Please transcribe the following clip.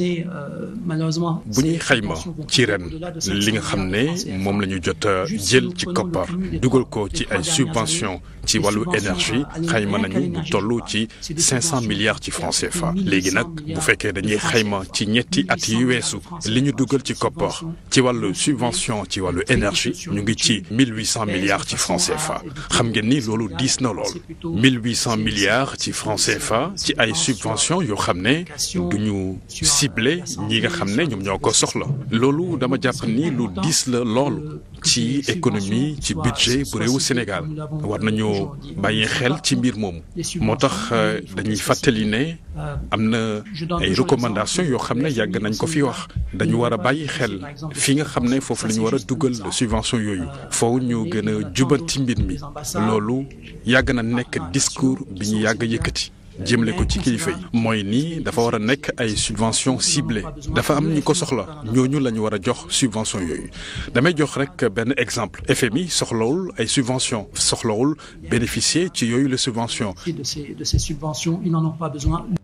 Euh, bu ñuy xayma ci ren li nga xam ne moom la ñu jot a jël ci koppar dugal ko ci ay subventions ci wàllu énergie xayma nañu lu tollu ci 500 milliards ci francs fa léegi nag bu fekkee dañuy xayma ci ñetti at yu weesu li ñu dugal ci koppar ci wàllu subvention ci wàllu énergie ñu ngi ci 1800 milliards ci francs CFA xam ngeen ni loolu diis na lool 1800 milliards ci francs fa ci ay subventions yoo xam ne duñu si ciblé ñi nga xam ne ñoom ñoo ko soxla loolu dama jàpp ni lu diis la lool ci économie ci budget bu réewu Sénégal war nañu bàyyi xel ci mbir moomu moo tax euh, dañuy fàttali ne am na ay recommandations yoo xam ne yàgg nañ ko fi wax dañu war a bàyyi xel fi nga xam ne foofu lañu war a dugal subvention yooyu foofu ñoo gën a jubanti mbir mi loolu yàgg na nekk discours bi ñu yàgg yëkkati. jëmle ko ci kilifa mooy nii dafa war a nekk ay subvention ciblée dafa am ñi ko soxla ñooñu la ñu war a jox subvention yooyu damay jox rek benn exemple FMI soxlawul ay subvention soxlawul bénéficier ci yooyu la subvention subventions ils